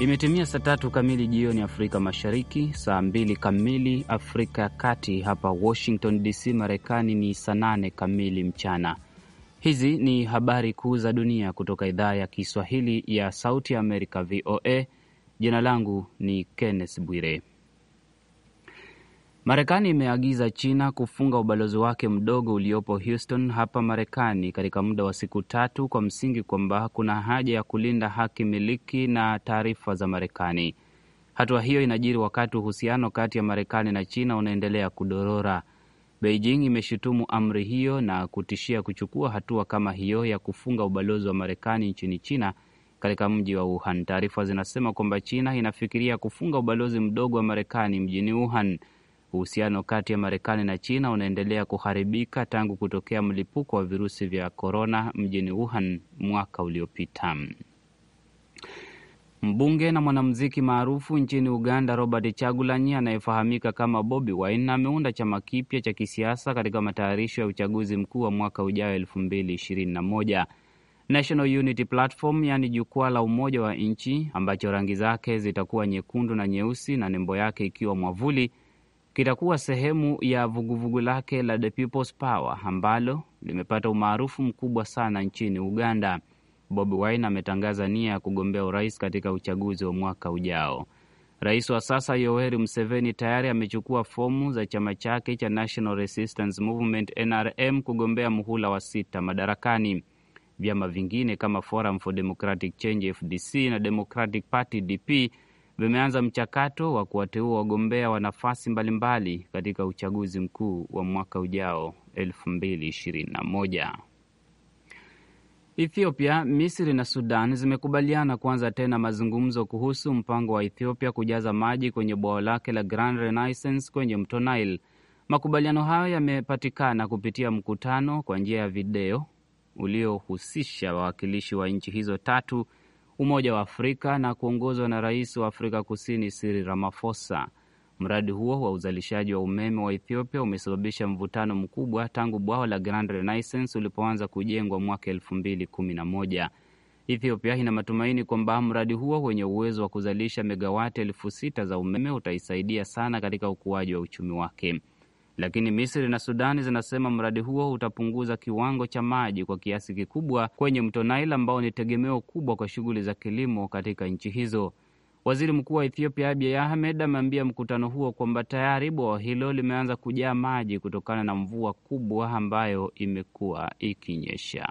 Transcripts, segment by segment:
Imetimia saa tatu kamili jioni Afrika Mashariki, saa mbili kamili Afrika ya Kati. Hapa Washington DC, Marekani ni saa nane kamili mchana. Hizi ni habari kuu za dunia kutoka idhaa ya Kiswahili ya Sauti ya Amerika, VOA. Jina langu ni Kenneth Bwire. Marekani imeagiza China kufunga ubalozi wake mdogo uliopo Houston hapa Marekani katika muda wa siku tatu kwa msingi kwamba kuna haja ya kulinda haki miliki na taarifa za Marekani. Hatua hiyo inajiri wakati uhusiano kati ya Marekani na China unaendelea kudorora. Beijing imeshutumu amri hiyo na kutishia kuchukua hatua kama hiyo ya kufunga ubalozi wa Marekani nchini China katika mji wa Wuhan. Taarifa zinasema kwamba China inafikiria kufunga ubalozi mdogo wa Marekani mjini Wuhan. Uhusiano kati ya Marekani na China unaendelea kuharibika tangu kutokea mlipuko wa virusi vya korona mjini Wuhan mwaka uliopita. Mbunge na mwanamuziki maarufu nchini Uganda Robert Chagulanyi anayefahamika kama Bobi Wine ameunda chama kipya cha kisiasa katika matayarisho ya uchaguzi mkuu wa mwaka ujao elfu mbili ishirini na moja. National Unity Platform, yaani jukwaa la umoja wa nchi ambacho rangi zake zitakuwa nyekundu na nyeusi na nembo yake ikiwa mwavuli kitakuwa sehemu ya vuguvugu lake la The People's Power ambalo limepata umaarufu mkubwa sana nchini Uganda. Bobi Wine ametangaza nia ya kugombea urais katika uchaguzi wa mwaka ujao. Rais wa sasa Yoweri Museveni tayari amechukua fomu za chama chake cha National Resistance Movement NRM kugombea muhula wa sita madarakani. Vyama vingine kama Forum for Democratic Change FDC na Democratic Party DP vimeanza mchakato wa kuwateua wagombea wa nafasi mbalimbali katika uchaguzi mkuu wa mwaka ujao 2021. Ethiopia, Misri na Sudan zimekubaliana kuanza tena mazungumzo kuhusu mpango wa Ethiopia kujaza maji kwenye bwawa lake la Grand Renaissance kwenye mto Nile. Makubaliano hayo yamepatikana kupitia mkutano kwa njia ya video uliohusisha wawakilishi wa nchi hizo tatu Umoja wa Afrika na kuongozwa na rais wa Afrika Kusini Cyril Ramaphosa. Mradi huo wa uzalishaji wa umeme wa Ethiopia umesababisha mvutano mkubwa tangu bwawa la Grand Renaissance ulipoanza kujengwa mwaka elfu mbili kumi na moja. Ethiopia ina matumaini kwamba mradi huo wenye uwezo wa kuzalisha megawati elfu sita za umeme utaisaidia sana katika ukuaji wa uchumi wake lakini Misri na Sudani zinasema mradi huo utapunguza kiwango cha maji kwa kiasi kikubwa kwenye mto Nile ambao ni tegemeo kubwa kwa shughuli za kilimo katika nchi hizo. Waziri Mkuu wa Ethiopia Abiy Ahmed ameambia mkutano huo kwamba tayari bwawa hilo limeanza kujaa maji kutokana na mvua kubwa ambayo imekuwa ikinyesha.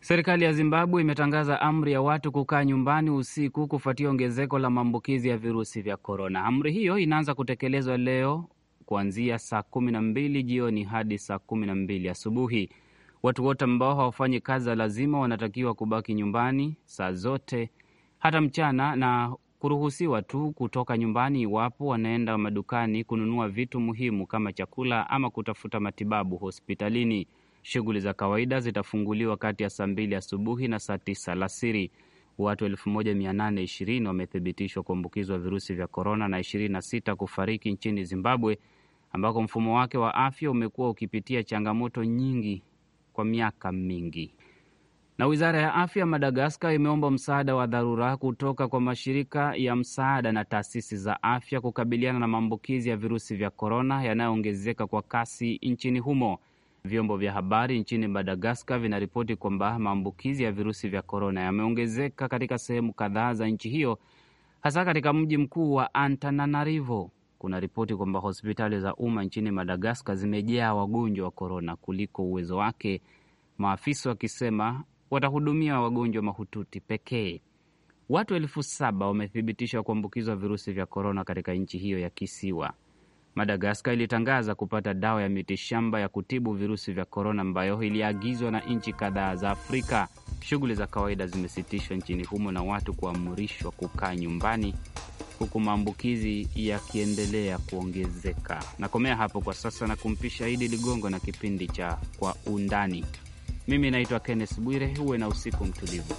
Serikali ya Zimbabwe imetangaza amri ya watu kukaa nyumbani usiku kufuatia ongezeko la maambukizi ya virusi vya korona. Amri hiyo inaanza kutekelezwa leo kuanzia saa kumi na mbili jioni hadi saa kumi na mbili asubuhi. Watu wote ambao hawafanyi kazi za lazima wanatakiwa kubaki nyumbani saa zote, hata mchana, na kuruhusiwa tu kutoka nyumbani iwapo wanaenda madukani kununua vitu muhimu kama chakula ama kutafuta matibabu hospitalini. Shughuli za kawaida zitafunguliwa kati ya saa mbili asubuhi na saa tisa alasiri watu 1820 wamethibitishwa kuambukizwa virusi vya korona na 26 kufariki nchini Zimbabwe, ambako mfumo wake wa afya umekuwa ukipitia changamoto nyingi kwa miaka mingi. Na wizara ya afya ya Madagaskar imeomba msaada wa dharura kutoka kwa mashirika ya msaada na taasisi za afya kukabiliana na maambukizi ya virusi vya korona yanayoongezeka kwa kasi nchini humo. Vyombo vya habari nchini Madagaskar vinaripoti kwamba maambukizi ya virusi vya korona yameongezeka katika sehemu kadhaa za nchi hiyo, hasa katika mji mkuu wa Antananarivo. Kuna ripoti kwamba hospitali za umma nchini Madagaskar zimejaa wagonjwa wa korona kuliko uwezo wake, maafisa wakisema watahudumia wagonjwa mahututi pekee. Watu elfu saba wamethibitishwa kuambukizwa virusi vya korona katika nchi hiyo ya kisiwa. Madagaskar ilitangaza kupata dawa ya mitishamba ya kutibu virusi vya korona ambayo iliagizwa na nchi kadhaa za Afrika. Shughuli za kawaida zimesitishwa nchini humo na watu kuamrishwa kukaa nyumbani huku maambukizi yakiendelea kuongezeka. Nakomea hapo kwa sasa na kumpisha Idi Ligongo na kipindi cha Kwa Undani. Mimi naitwa Kenneth Bwire. Huwe na usiku mtulivu.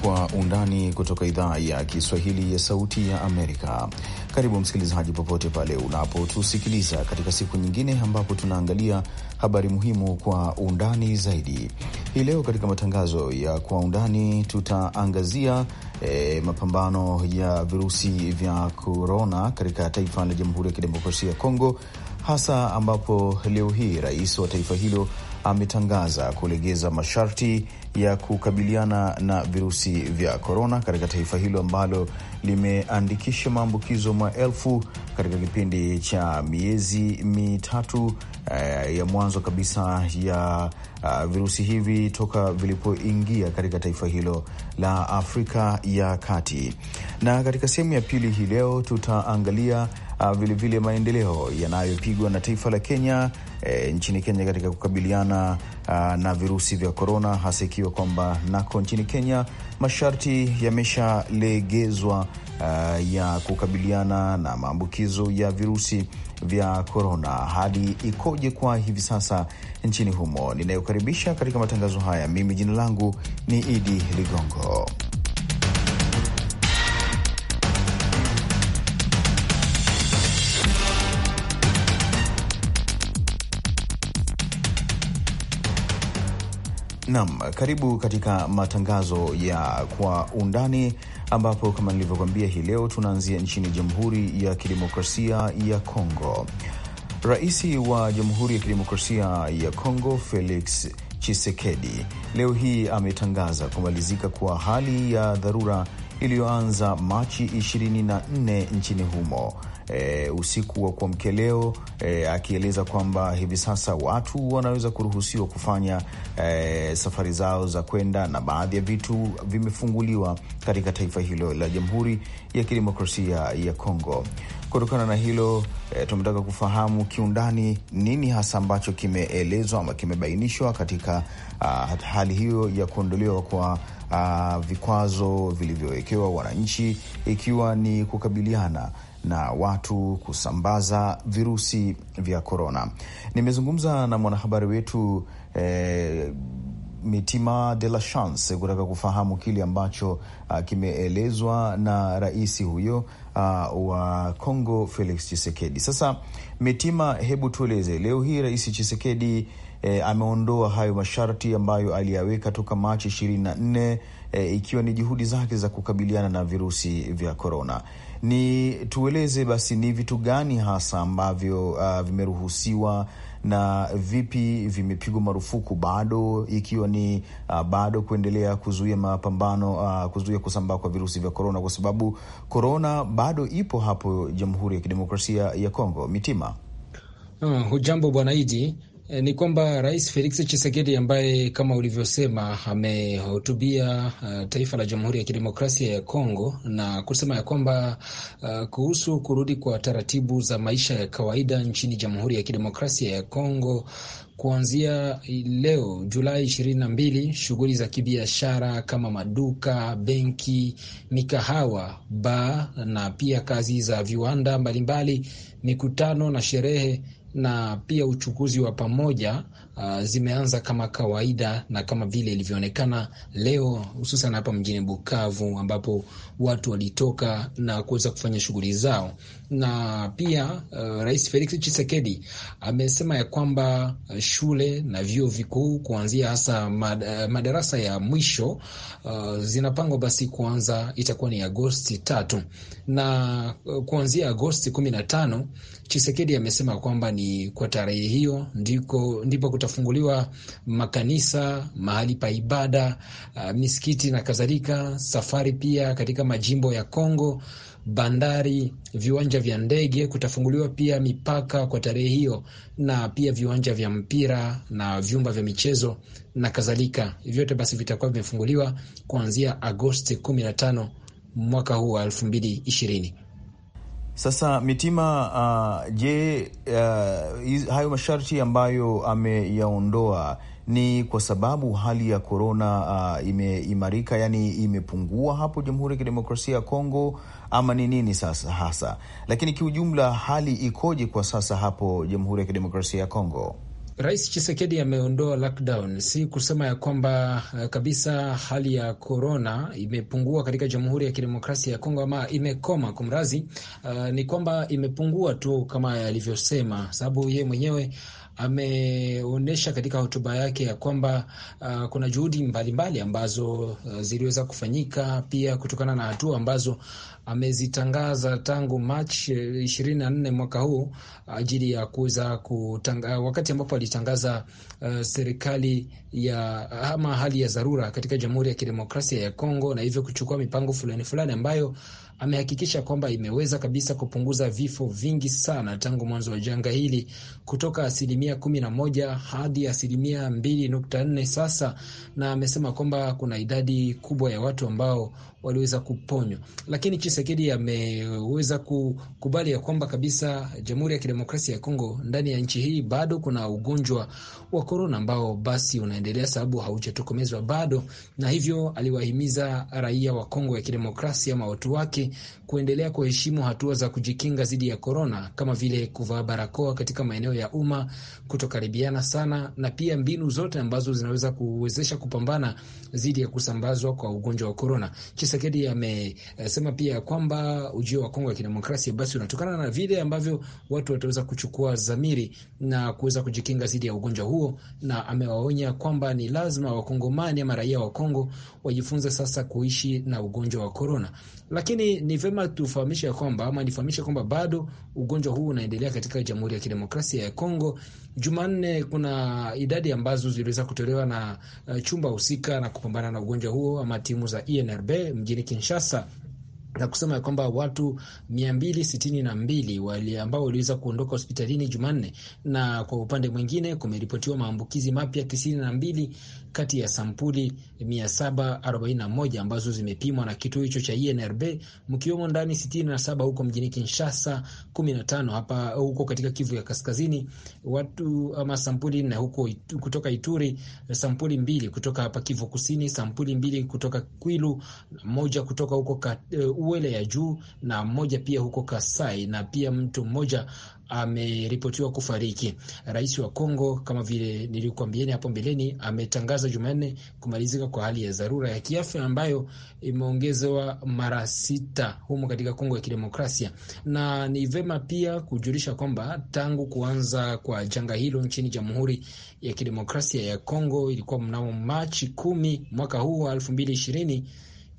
Kwa Undani kutoka idhaa ya Kiswahili ya Sauti ya Amerika. Karibu msikilizaji, popote pale unapotusikiliza katika siku nyingine ambapo tunaangalia habari muhimu kwa undani zaidi. Hii leo katika matangazo ya Kwa Undani tutaangazia e, mapambano ya virusi vya korona katika taifa la Jamhuri ya Kidemokrasia ya Kongo hasa ambapo leo hii rais wa taifa hilo ametangaza kulegeza masharti ya kukabiliana na virusi vya korona katika taifa hilo ambalo limeandikisha maambukizo maelfu katika kipindi cha miezi mitatu eh, ya mwanzo kabisa ya uh, virusi hivi toka vilipoingia katika taifa hilo la Afrika ya Kati. Na katika sehemu ya pili hii leo tutaangalia vilevile ah, maendeleo yanayopigwa na taifa la Kenya e, nchini Kenya katika kukabiliana a, ah, na virusi vya korona, hasa ikiwa kwamba nako nchini Kenya masharti yameshalegezwa ah, ya kukabiliana na maambukizo ya virusi vya korona. Hali ikoje kwa hivi sasa nchini humo? Ninayokaribisha katika matangazo haya, mimi jina langu ni Idi Ligongo. Naam, karibu katika matangazo ya kwa undani, ambapo kama nilivyokuambia, hii leo tunaanzia nchini Jamhuri ya Kidemokrasia ya Kongo. Rais wa Jamhuri ya Kidemokrasia ya Kongo Felix chisekedi leo hii ametangaza kumalizika kwa hali ya dharura iliyoanza Machi 24 nchini humo e, usiku wa kuamkia leo e, eh, akieleza kwamba hivi sasa watu wanaweza kuruhusiwa kufanya e, safari zao za kwenda na baadhi ya vitu vimefunguliwa katika taifa hilo la Jamhuri ya Kidemokrasia ya Kongo. Kutokana na hilo e, tumetaka kufahamu kiundani nini hasa ambacho kimeelezwa ama kimebainishwa katika a, ah, hali hiyo ya kuondolewa kwa uh, vikwazo vilivyowekewa wananchi ikiwa ni kukabiliana na watu kusambaza virusi vya korona. Nimezungumza na mwanahabari wetu eh, Mitima de la Chance kutaka kufahamu kile ambacho uh, kimeelezwa na rais huyo uh, wa congo Felix Chisekedi. Sasa Mitima, hebu tueleze leo hii rais Chisekedi e, ameondoa hayo masharti ambayo aliyaweka toka Machi ishirini na nne e, ikiwa ni juhudi zake za kukabiliana na virusi vya korona. Ni tueleze basi ni vitu gani hasa ambavyo uh, vimeruhusiwa na vipi vimepigwa marufuku bado, ikiwa ni uh, bado kuendelea kuzuia mapambano uh, kuzuia kusambaa kwa virusi vya korona, kwa sababu korona bado ipo hapo Jamhuri ya Kidemokrasia ya Kongo. Mitima, hmm, hujambo? Hmm, bwana Iji, Eh, ni kwamba Rais Felix Tshisekedi ambaye kama ulivyosema amehutubia uh, taifa la Jamhuri ya Kidemokrasia ya Kongo na kusema ya kwamba uh, kuhusu kurudi kwa taratibu za maisha ya kawaida nchini Jamhuri ya Kidemokrasia ya Kongo kuanzia leo Julai ishirini na mbili, shughuli za kibiashara kama maduka, benki, mikahawa, baa na pia kazi za viwanda mbalimbali, mikutano na sherehe na pia uchukuzi wa pamoja uh, zimeanza kama kawaida na kama vile ilivyoonekana leo, hususan hapa mjini Bukavu ambapo watu walitoka na kuweza kufanya shughuli zao. Na pia uh, Rais Felix Tshisekedi amesema ya kwamba ah, shule na vyuo vikuu kuanzia hasa mad, uh, madarasa ya mwisho uh, zinapangwa basi kuanza, itakuwa ni Agosti tatu na uh, kuanzia Agosti kumi na tano Tshisekedi amesema kwamba ni kwa tarehe hiyo ndiko ndipo kutafunguliwa makanisa, mahali pa ibada, uh, misikiti na kadhalika. Safari pia katika majimbo ya Kongo, bandari, viwanja vya ndege, kutafunguliwa pia mipaka kwa tarehe hiyo, na pia viwanja vya mpira na vyumba vya michezo na kadhalika. Vyote basi vitakuwa vimefunguliwa kuanzia Agosti 15 mwaka huu wa 2020. Sasa Mitima, uh, je, uh, hayo masharti ambayo ameyaondoa ni kwa sababu hali ya korona uh, imeimarika, yani imepungua hapo Jamhuri ya Kidemokrasia ya Kongo, ama ni nini sasa hasa? Lakini kiujumla hali ikoje kwa sasa hapo Jamhuri ya Kidemokrasia ya Kongo? Rais Chisekedi ameondoa lockdown, si kusema ya kwamba uh, kabisa hali ya korona imepungua katika Jamhuri ya Kidemokrasia ya Kongo ama imekoma. Kumrazi uh, ni kwamba imepungua tu kama alivyosema, sababu yeye mwenyewe ameonyesha katika hotuba yake ya kwamba uh, kuna juhudi mbalimbali mbali ambazo uh, ziliweza kufanyika pia kutokana na hatua ambazo amezitangaza tangu Machi uh, ishirini na nne mwaka huu uh, ajili ya kuweza kutanga, wakati ambapo alitangaza uh, serikali ya ama hali ya dharura katika Jamhuri ya Kidemokrasia ya Kongo na hivyo kuchukua mipango fulani fulani ambayo amehakikisha kwamba imeweza kabisa kupunguza vifo vingi sana tangu mwanzo wa janga hili kutoka asilimia 11 hadi asilimia 2.4 sasa, na amesema kwamba kuna idadi kubwa ya watu ambao waliweza kuponywa, lakini Chisekedi ameweza kukubali ya kwamba kabisa Jamhuri ya Kidemokrasia ya Kongo, ndani ya nchi hii bado kuna ugonjwa wa korona ambao basi unaendelea, sababu haujatokomezwa bado, na hivyo aliwahimiza raia wa Kongo ya Kidemokrasia ama watu wake kuendelea kuheshimu hatua za kujikinga dhidi ya korona kama vile kuvaa barakoa katika maeneo ya umma, kutokaribiana sana, na pia mbinu zote ambazo zinaweza kuwezesha kupambana dhidi ya kusambazwa kwa ugonjwa wa korona. Tshisekedi amesema pia kwamba ujio wa Kongo ya kidemokrasia basi unatokana na vile ambavyo watu wataweza kuchukua zamiri na kuweza kujikinga dhidi ya ugonjwa huo, na amewaonya kwamba ni lazima wakongomani ama raia wa Kongo wajifunze sasa kuishi na ugonjwa wa korona. Lakini ni vema tufahamishe kwamba ama nifahamishe kwamba bado ugonjwa huu unaendelea katika Jamhuri ya Kidemokrasia ya Kongo. Jumanne kuna idadi ambazo ziliweza kutolewa na eh, chumba husika na kupambana na ugonjwa huo ama timu za INRB e mjini Kinshasa na kusema ya kwamba watu mia mbili sitini na mbili wali ambao waliweza kuondoka hospitalini Jumanne, na kwa upande mwingine kumeripotiwa maambukizi mapya tisini na mbili kati ya sampuli 741 ambazo zimepimwa na kituo hicho cha INRB, e mkiwemo ndani 67 huko mjini Kinshasa, 15 hapa huko katika Kivu ya Kaskazini, watu ama sampuli nne huko kutoka Ituri sampuli mbili kutoka hapa Kivu Kusini, sampuli mbili kutoka Kwilu, moja kutoka huko eh, Uele ya juu na moja pia huko Kasai, na pia mtu mmoja ameripotiwa kufariki. Rais wa Kongo, kama vile nilikuambieni hapo mbeleni, ametangaza Jumanne kumalizika kwa hali ya dharura ya kiafya ambayo imeongezewa mara sita humo katika Kongo ya Kidemokrasia, na ni vema pia kujulisha kwamba tangu kuanza kwa janga hilo nchini Jamhuri ya Kidemokrasia ya Kongo ilikuwa mnamo Machi kumi mwaka huu wa elfu mbili ishirini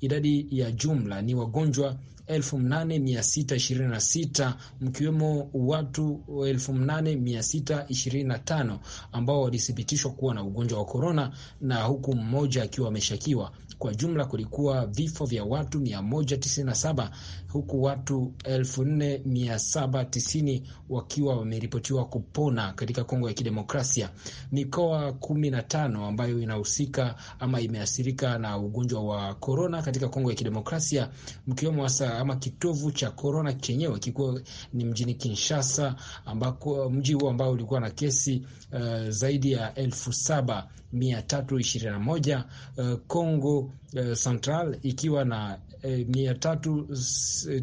idadi ya jumla ni wagonjwa 8626 mkiwemo watu 8625 ambao walithibitishwa kuwa na ugonjwa wa korona na huku mmoja akiwa ameshakiwa. Kwa jumla kulikuwa vifo vya watu 197 huku watu 4790 wakiwa wameripotiwa kupona katika Kongo ya Kidemokrasia. Mikoa 15 ambayo inahusika ama imeathirika na ugonjwa wa korona katika Kongo ya Kidemokrasia mkiwemo hasa ama kitovu cha korona chenyewe kikuwa ni mjini Kinshasa, ambako mji huo ambao ulikuwa na kesi uh, zaidi ya elfu saba mia tatu ishirini na moja eh, Congo uh, uh, Central ikiwa na uh, mia tatu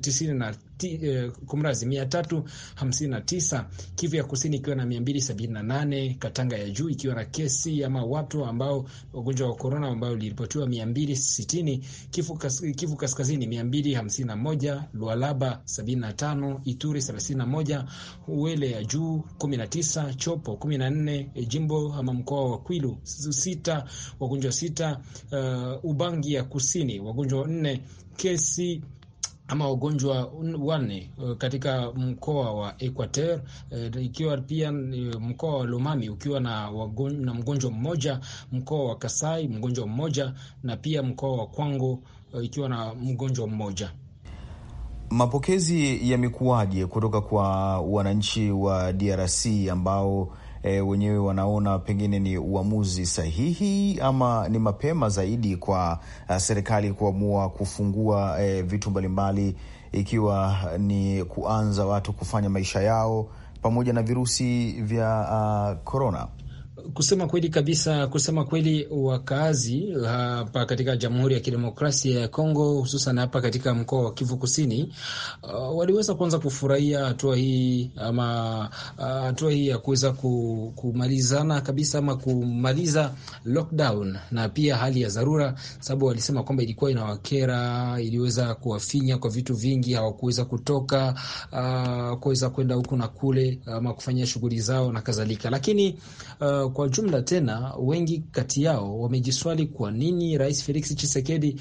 tisini na Eh, kumrazi mia tatu hamsini na tisa, Kivu ya kusini ikiwa na mia mbili sabini na nane, Katanga ya juu ikiwa na kesi ama watu ambao wagonjwa wa korona ambao liripotiwa mia mbili sitini, Kivu, kas, Kivu kaskazini mia mbili hamsini na moja, Lualaba sabini na tano, Ituri thelathini na moja, Uele ya juu kumi na tisa, Chopo kumi na nne, jimbo ama mkoa wa Kwilu sita, wagonjwa sita, uh, Ubangi ya kusini wagonjwa nne, kesi ama wagonjwa wanne eh, katika mkoa wa Equateur, eh, ikiwa pia eh, mkoa wa Lomami ukiwa na wagonjwa, na mgonjwa mmoja, mkoa wa Kasai mgonjwa mmoja, na pia mkoa wa Kwango ikiwa na mgonjwa mmoja. Mapokezi yamekuwaje kutoka kwa wananchi wa DRC ambao e, wenyewe wanaona pengine ni uamuzi sahihi ama ni mapema zaidi kwa uh, serikali kuamua kufungua e, vitu mbalimbali ikiwa ni kuanza watu kufanya maisha yao pamoja na virusi vya korona uh, Kusema kweli kabisa, kusema kweli, wakaazi hapa katika Jamhuri ya Kidemokrasia ya Kongo, hususan hapa katika mkoa wa Kivu Kusini, uh, waliweza kuanza kufurahia hatua hii ama uh, hatua uh, hii ya kuweza kumalizana kabisa ama kumaliza lockdown na pia hali ya dharura, sababu walisema kwamba ilikuwa inawakera, iliweza kuwafinya kwa vitu vingi, hawakuweza kutoka, uh, kuweza kwenda huku na kule ama kufanyia shughuli zao na kadhalika, lakini uh, kwa jumla. Tena wengi kati yao wamejiswali kwa nini Rais Felix Tshisekedi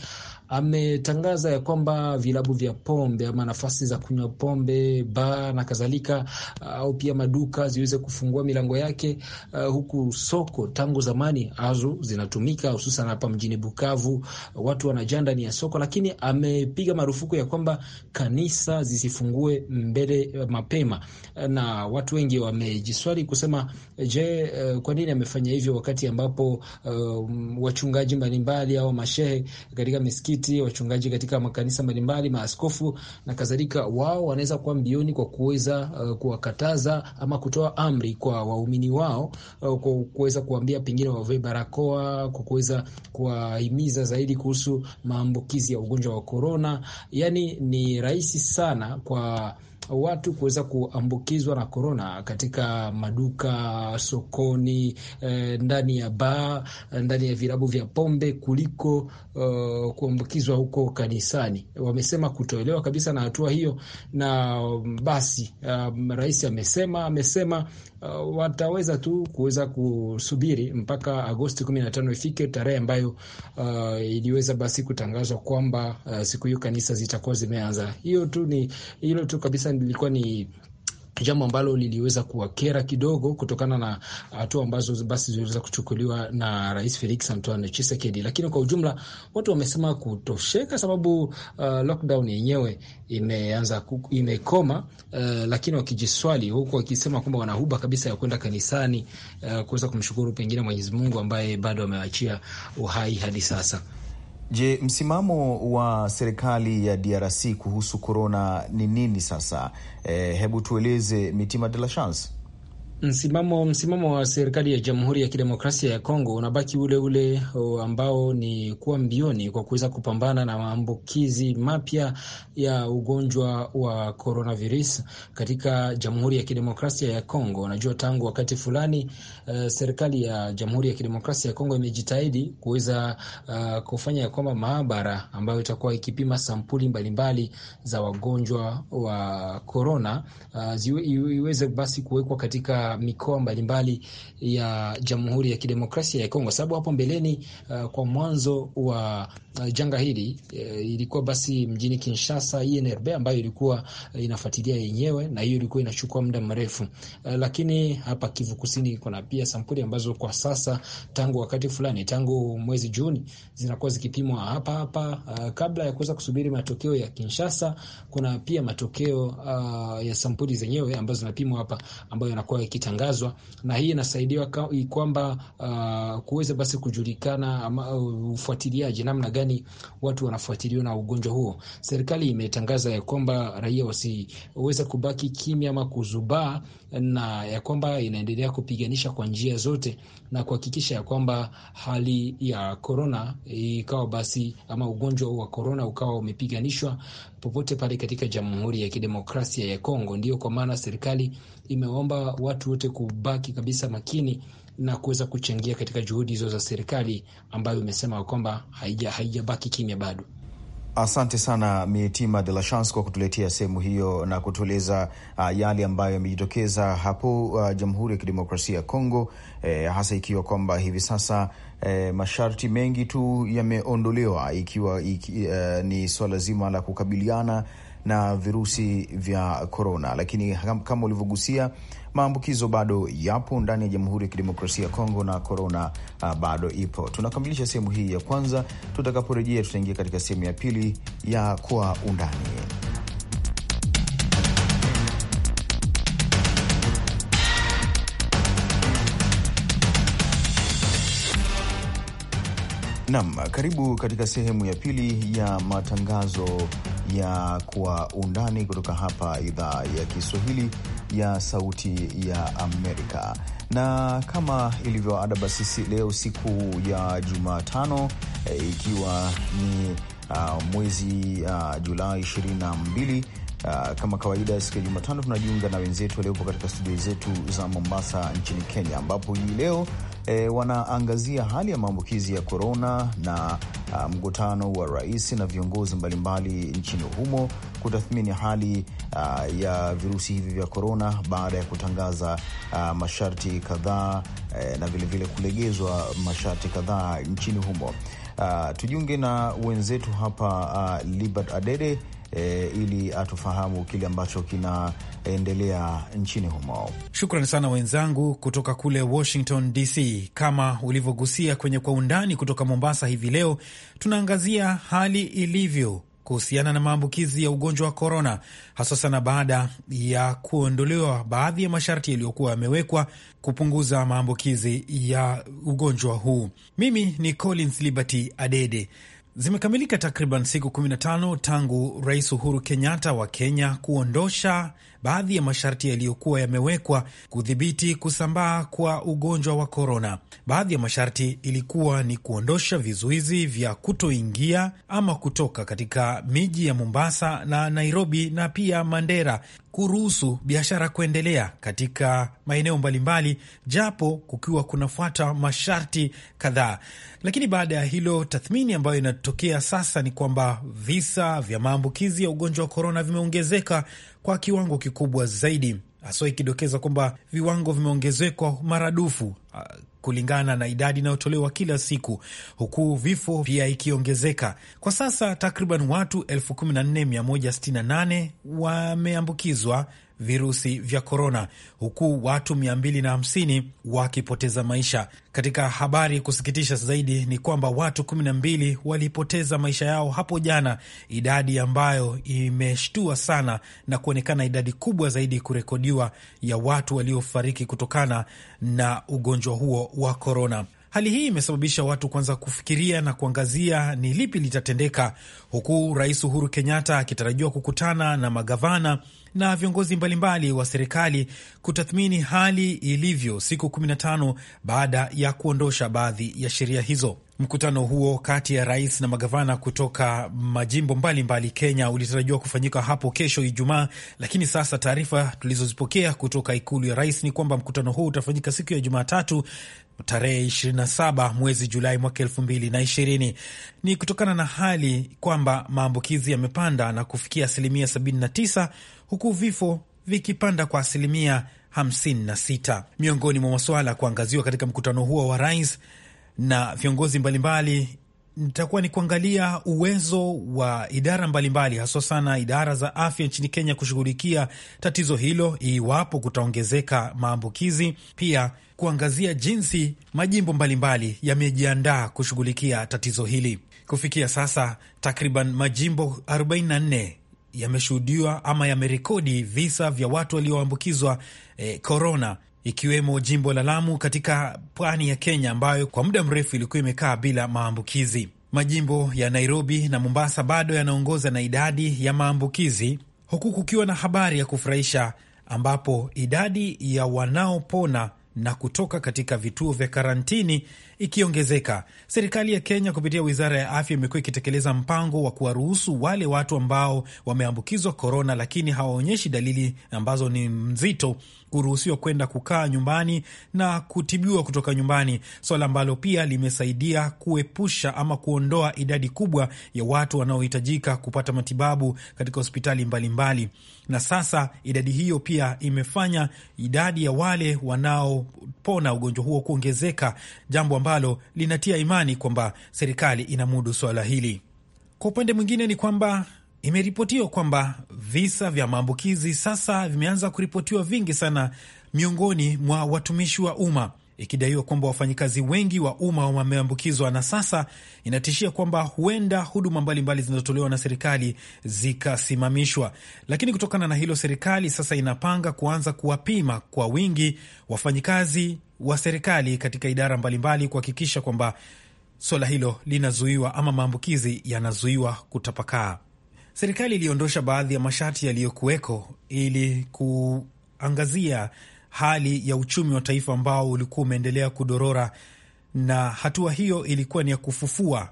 ametangaza ya kwamba vilabu vya pombe ama nafasi za kunywa pombe, ba na kadhalika, uh, au pia maduka ziweze kufungua milango yake, uh, huku soko tangu zamani azu zinatumika hususan hapa mjini Bukavu, watu wanajaa ndani ya soko, lakini amepiga marufuku ya kwamba kanisa zisifungue mbele uh, mapema, na watu wengi wamejiswali kusema je, kwa nini amefanya hivyo wakati ambapo uh, wachungaji mbalimbali au mashehe katika misikiti watafiti, wachungaji katika makanisa mbalimbali, maaskofu na kadhalika, wao wanaweza kuwa mbioni kwa kuweza uh, kuwakataza ama kutoa amri kwa waumini wao uh, kwa kuweza kuambia pengine wavae barakoa, kwa kuweza kuwahimiza zaidi kuhusu maambukizi ya ugonjwa wa korona. Yani ni rahisi sana kwa watu kuweza kuambukizwa na korona katika maduka, sokoni, eh, ndani ya baa, ndani ya virabu vya pombe kuliko uh, kuambukizwa huko kanisani. Wamesema kutoelewa kabisa na hatua hiyo, na basi um, rais amesema amesema uh, wataweza tu kuweza kusubiri mpaka Agosti kumi na tano ifike tarehe ambayo uh, iliweza basi kutangazwa kwamba uh, siku hiyo kanisa zitakuwa zimeanza. Hiyo tu ni hilo tu kabisa, nilikuwa ni jambo ambalo liliweza kuwakera kidogo kutokana na hatua ambazo basi ziliweza kuchukuliwa na Rais Felix Antoine chisekedi Lakini kwa ujumla watu wamesema kutosheka, sababu uh, lockdown yenyewe imeanza imekoma, uh, lakini wakijiswali huku wakisema kwamba wanahuba kabisa ya kwenda kanisani uh, kuweza kumshukuru pengine Mwenyezi Mungu ambaye bado amewachia uhai hadi sasa. Je, msimamo wa serikali ya DRC kuhusu korona ni nini sasa? E, hebu tueleze Mitima de la Chance. Msimamo msimamo wa serikali ya Jamhuri ya Kidemokrasia ya Kongo unabaki ule ule ambao ni kuwa mbioni kwa kuweza kupambana na maambukizi mapya ya ugonjwa wa coronavirus katika Jamhuri ya Kidemokrasia ya Kongo. Unajua, tangu wakati fulani uh, serikali ya Jamhuri ya Kidemokrasia ya Kongo imejitahidi kuweza uh, kufanya ya kwamba maabara ambayo itakuwa ikipima sampuli mbalimbali mbali za wagonjwa wa corona uh, iweze basi kuwekwa katika mikoa mbalimbali ya Jamhuri ya Kidemokrasia ya Kongo, sababu hapo mbeleni uh, kwa mwanzo wa Uh, janga hili e, ilikuwa basi mjini Kinshasa INRB ambayo ilikuwa uh, inafuatilia yenyewe, na hiyo ilikuwa inachukua muda mrefu e, lakini hapa Kivu Kusini kuna pia sampuli ambazo kwa sasa tangu wakati fulani, tangu mwezi Juni zinakuwa zikipimwa hapa hapa uh, kabla ya kuweza kusubiri matokeo ya Kinshasa. Kuna pia matokeo uh, ya sampuli zenyewe ambazo zinapimwa hapa ambayo yanakuwa yakitangazwa, na hii inasaidiwa kwamba uh, kuweza basi kujulikana ufuatiliaji namna gani gani watu wanafuatiliwa na ugonjwa huo. Serikali imetangaza ya kwamba raia wasiweze kubaki kimya ama kuzubaa, na ya kwamba inaendelea kupiganisha kwa njia zote na kuhakikisha ya kwamba hali ya korona ikawa basi, ama ugonjwa wa korona ukawa umepiganishwa popote pale katika Jamhuri ya Kidemokrasia ya Kongo. Ndiyo kwa maana serikali imeomba watu wote kubaki kabisa makini na kuweza kuchangia katika juhudi hizo za serikali ambayo imesema kwamba haijabaki kimya bado. Asante sana Mietima De La Chance kwa kutuletea sehemu hiyo na kutueleza uh, yale ambayo yamejitokeza hapo uh, Jamhuri ya Kidemokrasia ya Kongo eh, hasa ikiwa kwamba hivi sasa eh, masharti mengi tu yameondolewa ikiwa iki, uh, ni swala zima la kukabiliana na virusi vya korona, lakini kama ulivyogusia maambukizo bado yapo ndani ya Jamhuri ya Kidemokrasia ya Kongo na korona uh, ah, bado ipo. Tunakamilisha sehemu hii ya kwanza. Tutakaporejea tutaingia katika sehemu ya pili ya kwa undani. nam karibu katika sehemu ya pili ya matangazo ya Kwa Undani kutoka hapa idhaa ya Kiswahili ya Sauti ya Amerika. Na kama ilivyo ada, basi leo siku ya Jumatano e, ikiwa ni uh, mwezi uh, Julai 22 Uh, kama kawaida siku ya Jumatano tunajiunga na wenzetu waliopo katika studio zetu za Mombasa nchini Kenya, ambapo hii leo e, wanaangazia hali ya maambukizi ya korona na a, mkutano wa rais na viongozi mbalimbali nchini humo kutathmini hali a, ya virusi hivi vya korona baada ya kutangaza a, masharti kadhaa e, na vilevile kulegezwa masharti kadhaa nchini humo. Uh, tujiunge na wenzetu hapa uh, Libert Adede eh, ili atufahamu kile ambacho kina endelea nchini humo. Shukran sana wenzangu kutoka kule Washington DC. Kama ulivyogusia kwenye Kwa Undani kutoka Mombasa hivi leo, tunaangazia hali ilivyo kuhusiana na maambukizi ya ugonjwa wa korona, haswa sana baada ya kuondolewa baadhi ya masharti yaliyokuwa yamewekwa kupunguza maambukizi ya ugonjwa huu. Mimi ni Collins Liberty Adede. Zimekamilika takriban siku 15 tangu Rais Uhuru Kenyatta wa Kenya kuondosha baadhi ya masharti yaliyokuwa yamewekwa kudhibiti kusambaa kwa ugonjwa wa korona. Baadhi ya masharti ilikuwa ni kuondosha vizuizi vya kutoingia ama kutoka katika miji ya Mombasa na Nairobi na pia Mandera, kuruhusu biashara kuendelea katika maeneo mbalimbali, japo kukiwa kunafuata masharti kadhaa. Lakini baada ya hilo, tathmini ambayo inatokea sasa ni kwamba visa vya maambukizi ya ugonjwa wa korona vimeongezeka kwa kiwango kikubwa zaidi, haswa ikidokeza kwamba viwango vimeongezekwa maradufu uh, kulingana na idadi inayotolewa kila siku, huku vifo pia ikiongezeka. Kwa sasa takriban watu 14168 wameambukizwa virusi vya korona, huku watu 250 wakipoteza maisha. Katika habari kusikitisha zaidi ni kwamba watu 12 walipoteza maisha yao hapo jana, idadi ambayo imeshtua sana na kuonekana idadi kubwa zaidi kurekodiwa ya watu waliofariki kutokana na ugonjwa huo wa korona. Hali hii imesababisha watu kuanza kufikiria na kuangazia ni lipi litatendeka huku Rais Uhuru Kenyatta akitarajiwa kukutana na magavana na viongozi mbalimbali wa serikali kutathmini hali ilivyo siku 15 baada ya kuondosha baadhi ya sheria hizo. Mkutano huo kati ya rais na magavana kutoka majimbo mbalimbali mbali Kenya ulitarajiwa kufanyika hapo kesho Ijumaa, lakini sasa taarifa tulizozipokea kutoka ikulu ya rais ni kwamba mkutano huo utafanyika siku ya Jumatatu tarehe 27 mwezi Julai mwaka 2020. Ni kutokana na hali kwa kwamba maambukizi yamepanda na kufikia asilimia 79 huku vifo vikipanda kwa asilimia 56. Miongoni mwa masuala kuangaziwa katika mkutano huo wa rais na viongozi mbalimbali nitakuwa ni kuangalia uwezo wa idara mbalimbali haswa sana idara za afya nchini Kenya kushughulikia tatizo hilo iwapo kutaongezeka maambukizi. Pia kuangazia jinsi majimbo mbalimbali yamejiandaa kushughulikia tatizo hili. Kufikia sasa takriban majimbo 44 yameshuhudiwa ama yamerekodi visa vya watu walioambukizwa korona eh, ikiwemo jimbo la Lamu katika pwani ya Kenya ambayo kwa muda mrefu ilikuwa imekaa bila maambukizi. Majimbo ya Nairobi na Mombasa bado yanaongoza na idadi ya maambukizi, huku kukiwa na habari ya kufurahisha ambapo idadi ya wanaopona na kutoka katika vituo vya karantini ikiongezeka. Serikali ya Kenya kupitia wizara ya afya imekuwa ikitekeleza mpango wa kuwaruhusu wale watu ambao wameambukizwa korona, lakini hawaonyeshi dalili ambazo ni mzito kuruhusiwa kwenda kukaa nyumbani na kutibiwa kutoka nyumbani, swala ambalo pia limesaidia kuepusha ama kuondoa idadi kubwa ya watu wanaohitajika kupata matibabu katika hospitali mbalimbali mbali. Na sasa idadi hiyo pia imefanya idadi ya wale wanaopona ugonjwa huo kuongezeka, jambo ambalo linatia imani kwamba serikali inamudu swala hili. Kwa upande mwingine ni kwamba Imeripotiwa kwamba visa vya maambukizi sasa vimeanza kuripotiwa vingi sana miongoni mwa watumishi wa umma, ikidaiwa kwamba wafanyikazi wengi wa umma wameambukizwa, na sasa inatishia kwamba huenda huduma mbalimbali zinazotolewa na serikali zikasimamishwa. Lakini kutokana na hilo, serikali sasa inapanga kuanza kuwapima kwa wingi wafanyikazi wa serikali katika idara mbalimbali kuhakikisha kwamba swala hilo linazuiwa ama maambukizi yanazuiwa kutapakaa. Serikali iliondosha baadhi ya masharti yaliyokuweko ili kuangazia hali ya uchumi wa taifa ambao ulikuwa umeendelea kudorora, na hatua hiyo ilikuwa ni ya kufufua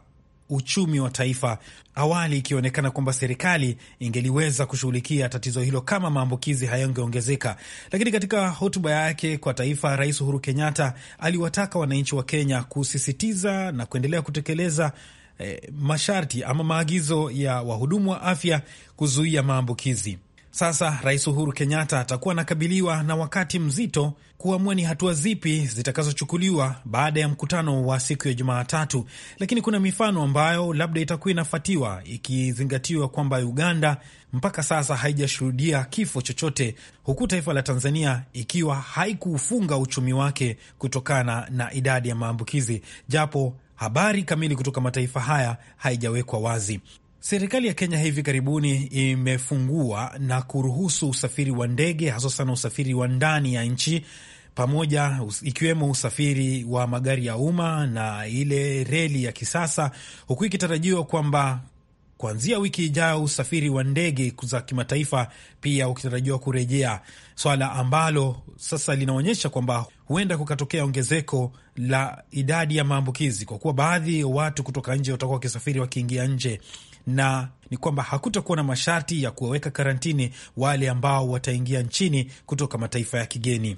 uchumi wa taifa, awali ikionekana kwamba serikali ingeliweza kushughulikia tatizo hilo kama maambukizi hayangeongezeka. Lakini katika hotuba yake kwa taifa, Rais Uhuru Kenyatta aliwataka wananchi wa Kenya kusisitiza na kuendelea kutekeleza eh, masharti ama maagizo ya wahudumu wa afya kuzuia maambukizi. Sasa Rais Uhuru Kenyatta atakuwa anakabiliwa na wakati mzito kuamua ni hatua zipi zitakazochukuliwa baada ya mkutano wa siku ya Jumatatu, lakini kuna mifano ambayo labda itakuwa inafuatiwa ikizingatiwa kwamba Uganda mpaka sasa haijashuhudia kifo chochote, huku taifa la Tanzania ikiwa haikuufunga uchumi wake kutokana na idadi ya maambukizi, japo habari kamili kutoka mataifa haya haijawekwa wazi. Serikali ya Kenya hivi karibuni imefungua na kuruhusu usafiri wa ndege, haswa sana usafiri wa ndani ya nchi pamoja ikiwemo usafiri wa magari ya umma na ile reli ya kisasa, huku ikitarajiwa kwamba Kuanzia wiki ijayo usafiri wa ndege za kimataifa pia ukitarajiwa kurejea, swala ambalo sasa linaonyesha kwamba huenda kukatokea ongezeko la idadi ya maambukizi, kwa kuwa baadhi ya watu kutoka nje watakuwa wakisafiri wakiingia nje, na ni kwamba hakutakuwa na masharti ya kuwaweka karantini wale ambao wataingia nchini kutoka mataifa ya kigeni.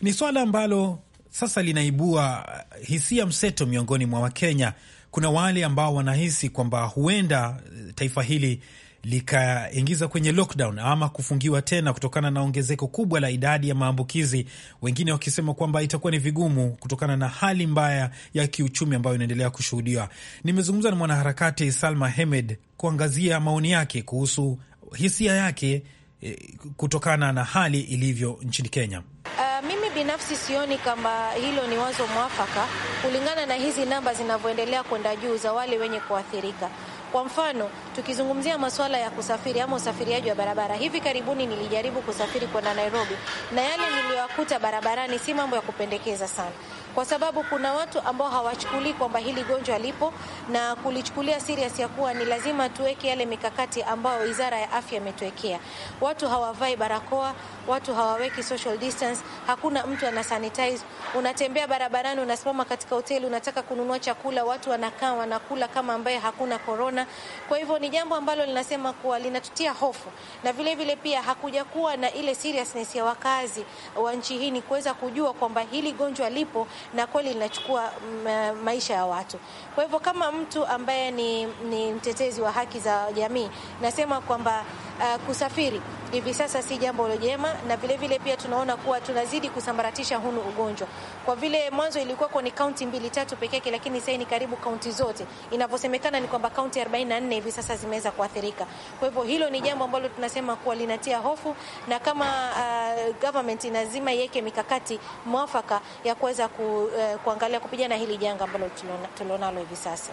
Ni swala ambalo sasa linaibua hisia mseto miongoni mwa Wakenya kuna wale ambao wanahisi kwamba huenda eh, taifa hili likaingiza kwenye lockdown ama kufungiwa tena kutokana na ongezeko kubwa la idadi ya maambukizi, wengine wakisema kwamba itakuwa ni vigumu kutokana na hali mbaya ya kiuchumi ambayo inaendelea kushuhudiwa. Nimezungumza na mwanaharakati Salma Hemed kuangazia maoni yake kuhusu hisia yake Eh, kutokana na hali ilivyo nchini Kenya? Uh, mimi binafsi sioni kama hilo ni wazo mwafaka kulingana na hizi namba zinavyoendelea kwenda juu za wale wenye kuathirika. Kwa mfano tukizungumzia masuala ya kusafiri ama usafiriaji wa barabara, hivi karibuni nilijaribu kusafiri kwenda Nairobi na yale niliyoyakuta barabarani si mambo ya kupendekeza sana kwa sababu kuna watu ambao hawachukulii kwamba hili gonjwa lipo na kulichukulia serious ya kuwa ni lazima tuweke yale mikakati ambayo wizara ya afya imetuwekea. Watu hawavai barakoa, watu hawaweki social distance, hakuna mtu ana sanitize. Unatembea barabarani, unasimama katika hoteli, unataka kununua chakula, watu wanakaa wanakula kama ambaye hakuna korona. Kwa hivyo ni jambo ambalo linasema kuwa linatutia hofu, na vile vile pia hakuja kuwa na ile seriousness ya wakazi wa nchi hii ni kuweza kujua kwamba hili gonjwa lipo na kweli linachukua mm, eh, maisha ya watu. Kwa hivyo kama mtu ambaye ni, ni mtetezi wa haki za jamii nasema kwamba uh, kusafiri hivi sasa si jambo jema, na vile vile pia tunaona kuwa tunazidi kusambaratisha hunu ugonjwa. Kwa vile mwanzo ilikuwa ni kaunti mbili tatu peke yake, lakini sasa ni karibu kaunti zote. Inavyosemekana ni kwamba kaunti 44 hivi sasa zimeweza kuathirika. Kwa hivyo hilo ni jambo ambalo tunasema kuwa linatia hofu, na kama uh, government inazima iweke mikakati mwafaka ya kuweza ku eh, kuangalia kupigana hili janga ambalo tulionalo hivi sasa.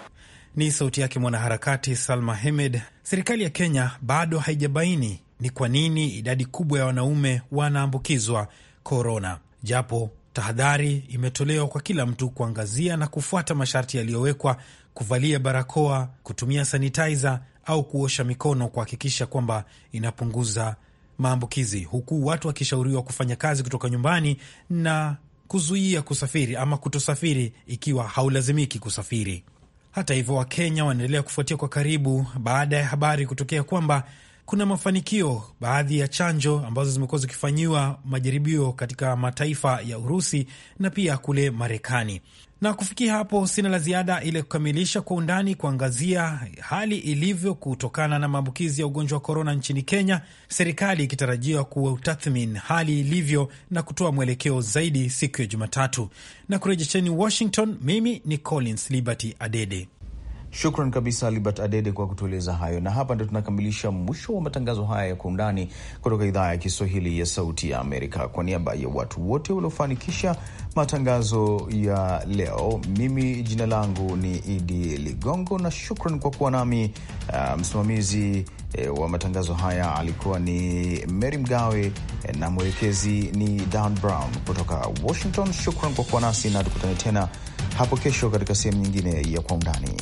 Ni sauti yake mwanaharakati Salma Hemed. Serikali ya Kenya bado haijabaini ni kwa nini idadi kubwa ya wanaume wanaambukizwa korona, japo tahadhari imetolewa kwa kila mtu kuangazia na kufuata masharti yaliyowekwa, kuvalia barakoa, kutumia sanitizer au kuosha mikono, kuhakikisha kwamba inapunguza maambukizi, huku watu wakishauriwa kufanya kazi kutoka nyumbani na kuzuia kusafiri ama kutosafiri ikiwa haulazimiki kusafiri. Hata hivyo, Wakenya wanaendelea kufuatia kwa karibu baada ya habari kutokea kwamba kuna mafanikio baadhi ya chanjo ambazo zimekuwa zikifanyiwa majaribio katika mataifa ya Urusi na pia kule Marekani. Na kufikia hapo sina la ziada, ili kukamilisha kwa undani kuangazia hali ilivyo kutokana na maambukizi ya ugonjwa wa korona nchini Kenya, serikali ikitarajiwa kutathmini hali ilivyo na kutoa mwelekeo zaidi siku ya Jumatatu. Na kurejesheni Washington, mimi ni Collins Liberty Adede. Shukran kabisa libert Adede kwa kutueleza hayo, na hapa ndo tunakamilisha mwisho wa matangazo haya ya Kwa Undani kutoka idhaa ya Kiswahili ya Sauti ya Amerika. Kwa niaba ya watu wote waliofanikisha matangazo ya leo, mimi jina langu ni Idi Ligongo na shukran kwa kuwa nami. Uh, msimamizi eh, wa matangazo haya alikuwa ni Mary Mgawe eh, na mwelekezi ni Dan Brown kutoka Washington. Shukran kwa kuwa nasi na tukutane tena hapo kesho katika sehemu nyingine ya Kwa Undani.